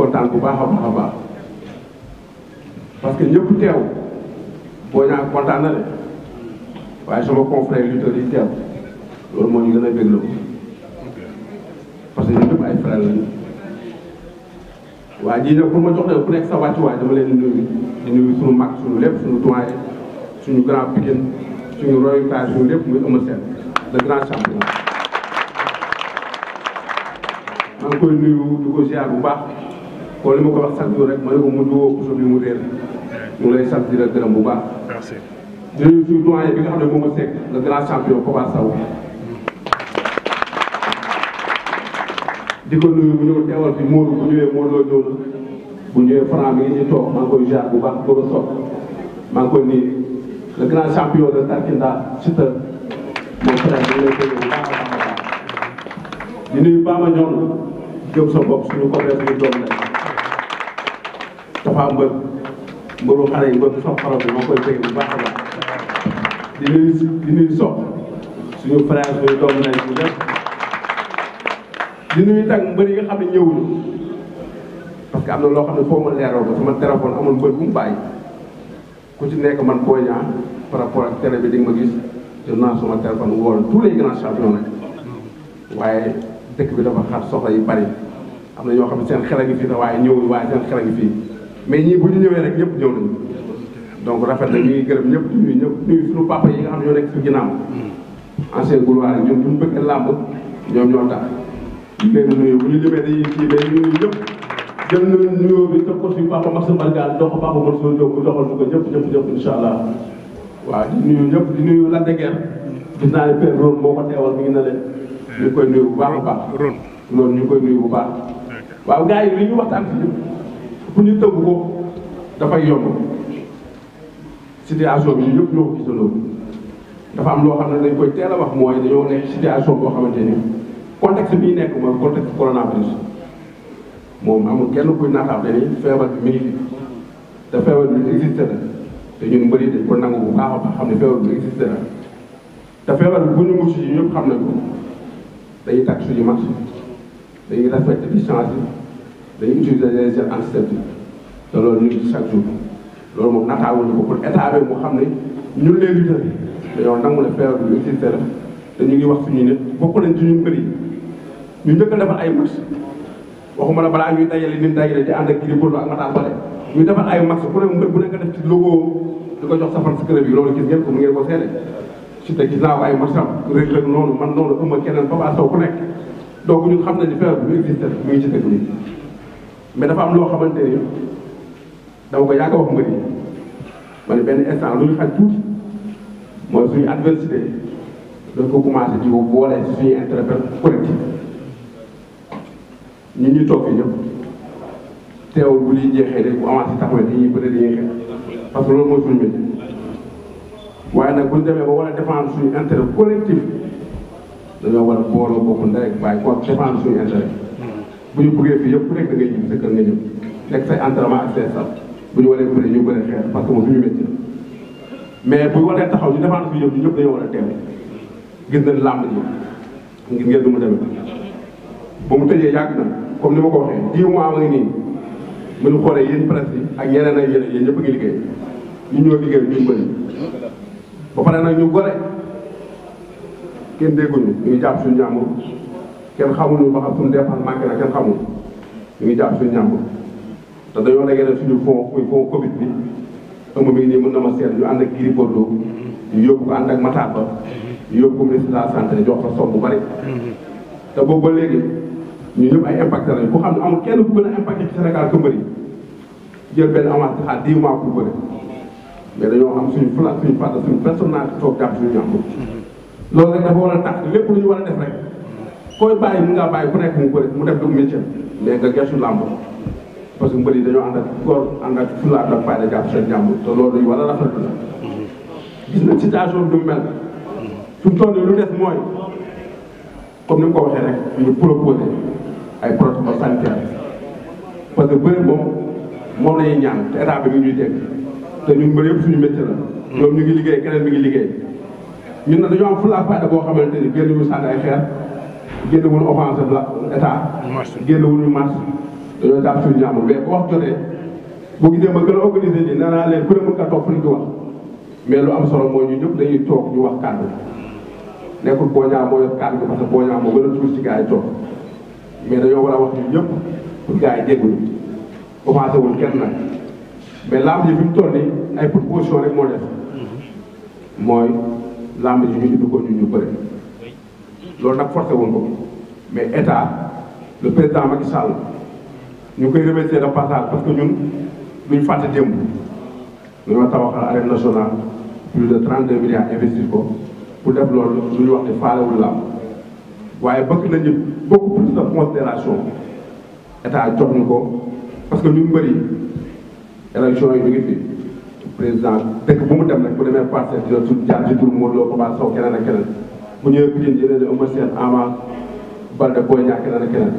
kontaan bu baax a baax a baax parce que ñëpp teew boo ñaa kontaan na de waaye sama confrère lutteur yi teew loolu moo ñu gën a bégloo ko parce que ñun ñëpp ay frère lañu waa jii nag pour ma jox leen ku nekk sa wàccuwaay dama leen di nuyu di nuyu suñu mag suñu lépp suñu doyen suñu grand Pikine suñu royukaay suñu lépp muy Eumeu Sène le grand champion maa ngi koy nuyu di ko ziar bu baax kon li ma ko wax sant rek ma ne ko mujj woo ko suñu mu réer ñu ngi lay sant di la bu baax. merci. di nuyu suñu nga xam ne moom la Seck le mm. di ko nuyu bu ñëw teewal fi Modou bu ñëwee Modou la ñëw bu ñëwee Franc mi ngi ci jaar bu baax di ko soog maa ngi koy nuyu le grand champion de Tarkinda Siteu moom frère bi ñu lay gërëm bu baax a baax a baax di sa bopp suñu ko suñu doom la. Moustapha Mbër mbëru xale yi mbër bu sox xarala bi moo koy béy bu baax a baax di nuyu di nuyu sox suñu frère suñu doomu nañ suñu lépp di nuyu tag mbër yi nga xam ne ñëwuñu Je que am na loo Je ne pas ma leeroo ko sama pas amul mbër bu mu pas ku ci nekk man pas Niang par rapport ak pas bi di nga ma pas jot naa sama téléphone pas tous les grands champions pas waaye dëkk bi dafa pas soxla yu bari am pas ñoo xam ne seen xel a ngi Je te waaye ñëwul waaye Je xel a ngi fii mais ñii bu ñu ñëwee rek ñëpp ñëw nañu donc rafet na ñu ngi gërëm ñëpp ñuy ñëpp ñuy suñu papa yi nga xam ñoo nekk suñu ginnaaw mm. ancien gouloir yi ñoom ñu bëgg làmb ñoom ñoo tax ñu leen nuyu bu ñu limee dañuy kii mais ñun ñëpp jël nañu nuyoo bi def ko suñu papa Maxime Margal dox ko papa Mansour Diop mu doxal ko ñëpp ñëpp ñëpp incha allah waaw di nuyu ñëpp di nuyu Lac de Guiers gis naa ne père Rone moo ko teewal mi ngi na leen ñu koy nuyu bu baax a baax loolu ñu koy nuyu bu baax waaw gars yi li ñu waxtaan fii bu ñu tëgg ko dafay yomb situation bi ñu yëpp ñoo ko dafa am loo xam ne dañ koy teel a wax mooy dañoo nekk situation boo xamante ni contexte bi ñu nekk mooy contexte coronavirus moom amul kenn kuy naataab ni feebar bi mi ngi feebar bi existé na te ñun mbëri dañ ko nangu bu baax a baax xam ne feebar bi existé na te feebar bi bu ñu mucc yi ñëpp xam nañ ko dañuy takk suñu masque dañuy respecté dañuy utiliser les gels antiseptiques te loolu ñu ngi chaque jour loolu moom nataawul na ko pour état bi mu xam ne ñun les lutteurs dañoo nangu ne feebar bi existé la te ñu ngi wax suñu nit bokk nañ ci ñu mbëri ñu njëkk a ay match waxuma la balaa ñuy dajale nit dajale di ànd ak kii ak Matar Bale ñu defar ay match ku ne mbër def ci logo di ko jox safar si club yi loolu gis ngeen ko mu ngeen ko seede su te gis naa ko ay matcham rek noonu man noonu ëmma keneen Papa Sow ku nekk donc ñun xam nañu feebar bi existé mu ngi ci dëkk bi mais dafa am loo xamante ni dama ko yàgg wax mbër yi ma benn instant lu ñu xaj tuuti mooy suñu adversité dañ ko commencé di ko boole suñu intérêt collectif ñu ñuy toog fi ñëpp teewul bu ñuy jeexee rek bu avancé taxawee dañuy bëri dañuy xeex parce que loolu mooy suñu métier waaye nag bu ñu demee ba war a défendre suñu intérêt collectif dañoo war a booloo bokk ndey ak bàyyi ko défendre suñu intérêt. bu ñu buggee fii yëpp ku nekk da ngay ñibbi sa nga ñëw nekk say entraînement ak say sal bu ñu waree bëri ñu bëri xeer parce que moom suñu métier mais bu waree taxaw ñu defaan suñu bu ñu ñëpp dañoo war a teew gis nañ làmb ji ngir ngeen du mu demee ba mu tëjee yàgg na comme ni ma ko waxee dix mois ma ngi nii bu ñu xoolee yéen presse yi ak yeneen ak yeneen yéen ñëpp a ngi liggéey ñu ñoo liggéey ñu bëri ba pare nag ñu gore kenn dégguñu ñu ngi jàpp suñu ñaamur kenn xamuñu ba xam suñu dépense manqué na kenn xamul ñu ngi jàpp suñu ñàmbur te dañoo dajale suñu fond muy fond Covid bi ëmb bi nii mën na ma seet ñu ànd ak Gris Bordeaux mm-hmm. ñu yóbbu ko ànd ak Matar Ba mm-hmm. ñu yóbbu ko ministre de la santé jox ko somme bu bari mm-hmm. te boobu ba léegi ñu ñëpp ay impacté lañu ku xam ne amul kenn ku gën a impacté ci Sénégal que Mbëri jël benn avance di xaar 10 mois pour bëri mais dañoo am suñu fula suñu fàtte suñu personnalité toog jàpp suñu ñàmbur loolu rek dafa war a tax lépp lu ñu war a def rek. koy bàyyi mun ngaa bàyyi ku nekk mu bëri mu def dugub métier mais nga gëstu làmb parce que mbër yi dañoo ànd ak koor ànd ak fulaat ak fayda jàpp seen jàmbur te loolu wala rafetlu la gis na situation bi mu mel fi mu toll lu mooy comme ni mu ko waxee rek ñu proposé ay protocole sanitaire parce que bëri moom moom la ñuy ñaan te état bi mi ñuy dégg te ñun bëri yëpp suñu métier la ñoom ñu ngi liggéey keneen mi ngi liggéey ñun na dañoo am fulaat fayda boo xamante ni génn ñu sànni ay génnewul offense la état. génnewul ñu marche dañoo jàpp suñu ñaamul mais bu wax jotee boo gisee ba gën a organisé nii nee naa leen ku ne mën nga toog fu ñu wax mais lu am solo mooy ñu ñëpp dañuy toog ñu wax kàddu nekkul booñaa moo yor kàddu parce que booñaa moo gën a tuur ci gars yi toog mais dañoo war a wax ñun ñëpp pour gars yi dégguñu offensé wul kenn nag mais làmb ji fi mu toll nii ay proposition rek moo def mm-hmm. mooy làmb ji ñu indi ko ñu ñu bëri. loolu nag forcé wuñ ko mais état le président Macky Sall ñu koy remercier de passage parce que ñun duñ fàtte démb dañoo tabaxal arène nationale plus de 32 milliards investir ko pour def loolu lu ñu wax ne faalewul la waaye bëgg nañu beaucoup plus de considération état jox ñu ko parce que ñu mbëri élection yi ñu ngi fi président dëkk bu mu dem nag bu demee passé dina suñ jaar ci tur Modou Lo Papa Sow keneen ak keneen bu ñëwee Pikine yéen ne Eumeu Sène Ama Baldé Boy Niang keneen ak keneen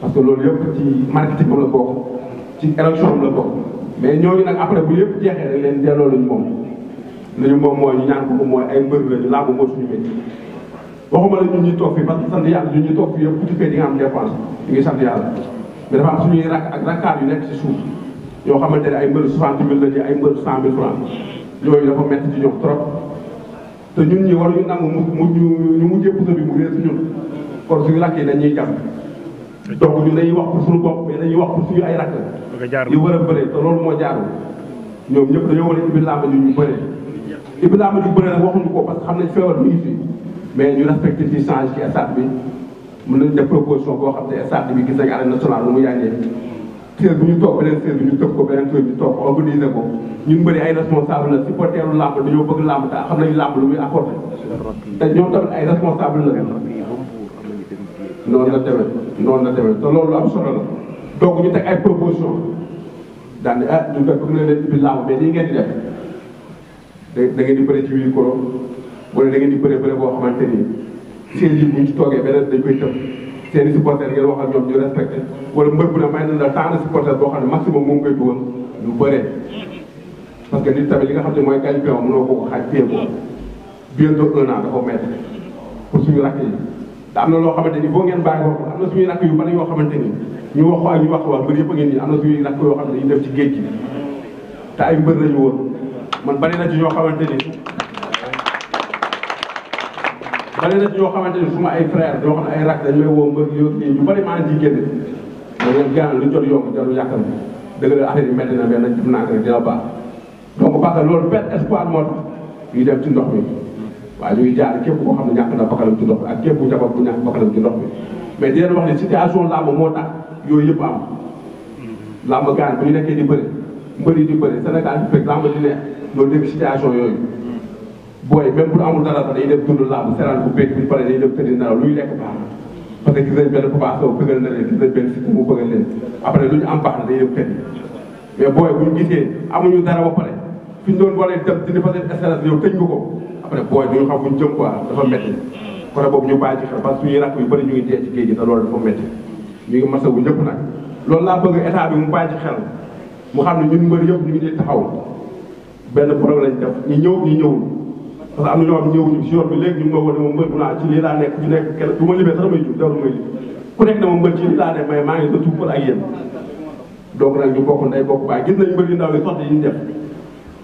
parce que loolu yëpp ci marketing am la bokk ci élection am la bokk mais ñooñu nag après bu yëpp jeexee rek leen delloo lañu moom li ñu moom mooy ñu ñaan ko mooy ay mbër lañu làmb mooy suñu métier waxuma la ñun ñuy toog fii parce que sant yàlla ñun ñuy toog fii yëpp ci fee di nga am dépense di ngi sant yàlla mais dafa am suñuy rak ak rakkaat yu nekk si suuf yoo xamante ay mbër soixante la ñu ay mbër cent francs ñooñu dafa métti ci ñoom trop te ñun ñi waruñu nangu mu mu ñu mujjee puso bi mu réer si ñun kon suñu rakk yi dañuy jàpp donc ñu dañuy wax pour suñu bopp mais dañuy wax pour suñu ay rakk yu war a bëre te loolu moo jaarul ñoom ñëpp dañoo war a ibbi làmb ñu ñu bëre ibbi làmb ñu bëre nag waxuñu ko parce que xam nañ feebar mi ngi fi mais ñu respecté ci change ci stade bi mën nañ def proposition boo xam ne stade bi gis nañ arène nationale lu mu yàggee séer bu ñu toog beneen séer bi ñu tëb ko beneen séer bi ñu toog organiser ko ñun bëri ay responsable la supporteru làmb dañoo bëgg làmb te xam nañu làmb lu muy apporté te ñoom tamit ay responsable la noonu la demee noonu la demee te loolu am solo la donc ñu teg ay proposition daan ne ah ñun kat bëgg na leen ubbi làmb mais lii ngeen di def da ngeen di bëri ci wii koro wala da ngeen di bëri bëri boo xamante ni séer yi bu ñu ci toogee beneen dañ koy tëb seen i supporters ngeen wax ak ñoom ñu respecté wala mbër bu ne may nañ la tant de supporters boo xam ne maximum moom ngay dugal lu bëree. parce que nit tamit li nga xam ne mooy gàllankoor mënoo ko xaaj téye ko bientôt un an dafa am na loo xamante ni boo ngeen bàyyi ko am na suñuy rakk yu bari yoo xamante ni ñu wax ko ñu wax ko wax mbër yëpp ngeen nii am na suñuy rakk yoo xam ne dañuy def ci géej gi te ay mbër lañu woon man bari na ci ñoo xamante ni. bari na ñoo xamante ni suma ay frère ñoo xam ne ay rak dañ may woo mbër yoo kii ñu bari maa ngi ciy génne ma leen gànnaar lu jot yomb jarul yàqal dëgg la affaire yi métti na mais nag jëm naa ko dina baax donc parce que loolu perte espoir moo tax ñuy dem ci ndox mi waaye ñuy jaar képp koo xam ne ñàkk na bakkanam ci ndox mi ak képp ku jabar bu ñàkk bakkanam ci ndox mi mais di leen wax ne situation làmb moo tax yooyu yëpp am làmb gaan bu ñu nekkee di bëri mbëri di bëri Sénégal bi fekk làmb di ne loolu dégg situation yooyu booy même bu amul dara sax dañuy dem dund làmb seraan bu bëgg bu pare dañuy dem tëddi nelaw luy lekk baax na parce que gis nañ benn Papa Sow bëggal na leen gis nañ benn Siteu mu bëggal leen après lu ñu am baax na dañuy dem tëddi mais booy bu ñu gisee amuñu dara ba pare fi ñu doon boolee dem dindi fa seen stress yow tëj nga ko après booy duñu xam fu ñu jëm quoi dafa métti côté boobu ñu bàyyi ci xel parce que suñuy rakk yu bëri ñu ngi dee ci géej gi te loolu dafa métti ñu ngi masawu ñëpp nag loolu laa bëgg état bi mu bàyyi ci xel mu xam ne ñun mbër yëpp ñu ngi dee taxaw benn problème lañ def ñu ñëw ñu ñëwul parce que am na ñoo xam ñëwuñu si yoon bi léegi ñu ngi ma woo mbër bu naa ci lii laa nekk ñu nekk kenn du ma limee sax may jub jarul may ku nekk ne mbër ci lii nekk mais maa ngi sa pour ak yéen donc ñu bokk nday bokk baay gis nañ mbër yu ndaw yi sotti yi ñu def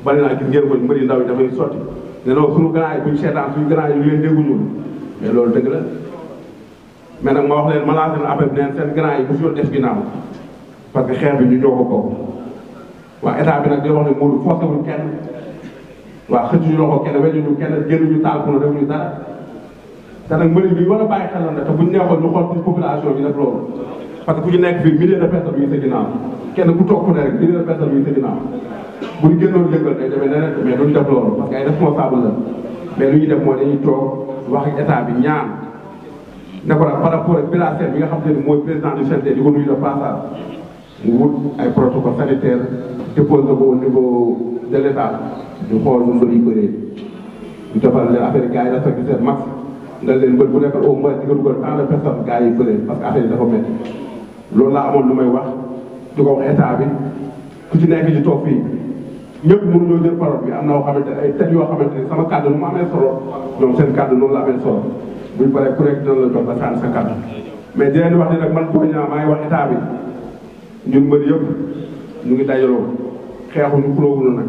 bari naa gis ngeen ko mbër yu ndaw yi dafay sotti ne non suñu grand yi buñ seetaan suñu grand loolu dëgg la mais nag ma wax leen ma lancé leen appel bi neen seen grand yi bu fi yoon def ginnaaw parce que xeex bi ñu ñoo ko bokk waa état bi nag di wax ne Modou forcé wuñ kenn waaw xëccuñu loxo kenn wejuñu kenn génnuñu taal ko defuñu dara te nag mbëri bi war a bàyyi xel na te bu ñu neexoon ñu xool ci population bi def loolu parce que ku ñu nekk fii milliers de personnes yu ñu sa ginnaaw kenn ku toog ku ne rek milliers de personnes yu ñu sa ginnaaw bu ñu génnoon yëngal day demee neneen mais duñ def loolu parce que ay responsable la mais lu ñu def mooy dañuy toog wax ak état bi ñaan ne ko nag par rapport ak Bira Sène bi nga xam te ne mooy président du CNG di ko nuyu de passage mu wut ay protocole sanitaire déposé ko au niveau de l' état ñu xool nu mbër yi bëree ñu defal leen affaire gars yi respecté seen max nga leen bët bu nekk au moins di nga dugal tant de yi bëree parce que dafa métti loolu laa amoon lu may wax di ko wax état bi ku ci nekk ñu toog fii ñëpp mënuñoo jël parole bi am na yoo xamante ne ay tët yoo xamante ne sama kàddu nu mu amee solo ñoom seen kàddu noonu la amee solo buñ paree ku nekk dina la jox ba sànni sa kàddu mais di leen wax ne nag man Boy Niang maa ngi wax état bi ñun mbër yëpp mu ngi dajaloo xeexuñu xulóowuñu nag.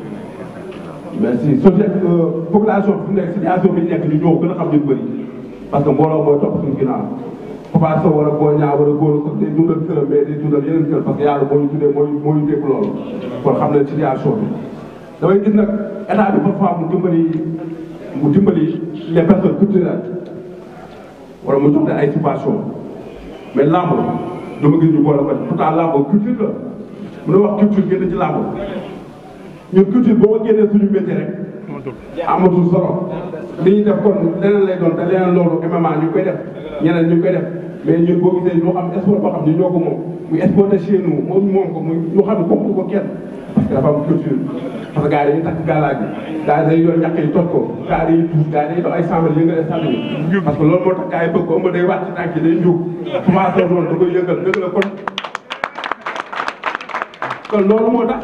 merci su fekk population bi nekk situation bi nekk ñu ñëw gën a xam ñu bëri parce que mbooloo mooy topp suñu ginnaaw Papa Sow war a boo ñaaw war a góor sax day dundal këram mais day dundal yeneen kër parce que yàlla moo ñu tuddee moo ñu moo ñu dégg loolu kon xam ne situation bi damay gis nag état bi parfois mu dimbali mu dimbali les personnes culturelles wala mu jox leen ay subvention mais làmb dama gis ñu boole ko pourtant làmb culture la mun a wax culture génn ci làmb ñun culture boo génnee suñu métier rek. amatul solo li ñu def kon leneen lay doon te leneen loolu MMA ñu koy def ñeneen ñu koy def mais ñun boo gisee ñu am sport boo xam ne ñoo ko moom muy sport de chez nous moom moom ko muy ñu xam ne bokk ko kenn parce que dafa am culture parce que gars yi dañuy takk galaaj bi gars yi dañuy yor ñàkk yi toj ko gars yi dañuy tuus gars yi dañuy dox ay sàmm yëngal ay sàmm yi parce que loolu moo tax gars yi bëgg ko ëmb day wàcc ci tànk yi day njuug commencé noonu da koy yëngal dëgg la kon kon loolu moo tax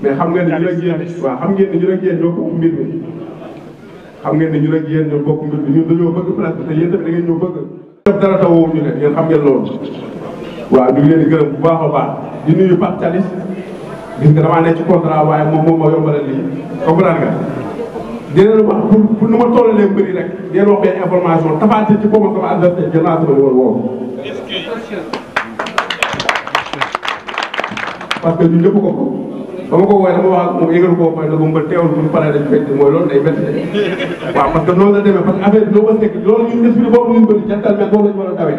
mais xam ngeen ne ñu ak yéen waaw xam ngeen ne ñu ak yéen ñoo bokk mbir mi xam ngeen ne ñu ak yéen ñoo bokk mbir mi ñun dañoo bëgg place bi te yéen tamit da ngeen ñoo bëgg def dara tawowu ñu ne yéen xam ngeen loolu waaw ñu ngi leen di gërëm bu baax a baax di nuyu Pape Thialis gis nga damaa nekk ci contrat waaye moom moom ma yombalal lii comprendre nga di leen wax pour pour nu ma tollalee mbëri rek di leen wax benn information tafaati ci boppam sama adversaire jël naa sama numéro woowu parce que ñu ñëpp ko ko ba ma ko woowee dama wax ak moom yëgal ko mooy nag mu teewul bu ñu paree dañ fekk mooy loolu day métti de waaw parce que noonu la demee parce que affaire bi doo ko nekk loolu ñun esprit boobu ñu bëri jantal mais boobu la ñu war a tawee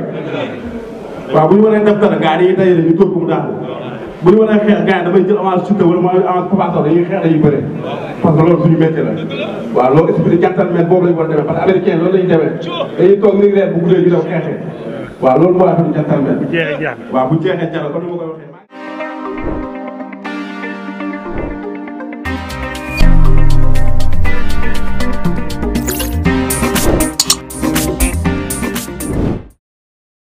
waaw bu ñu waree def dara gars yi dañuy tayale ñu tóor ko mu daanu bu ñu waree xeex gars yi damay jël avance Siteu wala mooy avance Papa Sow dañuy xeex dañuy bëre parce que loolu suñu métti la waaw loolu esprit jantal mais boobu la ñu war a demee parce que américain loolu la ñu demee dañuy toog ni reer bu guddee ñu def xeexee waaw loolu moo affaire jantal mais waaw bu jeexee jaral comme ni ma koy waxee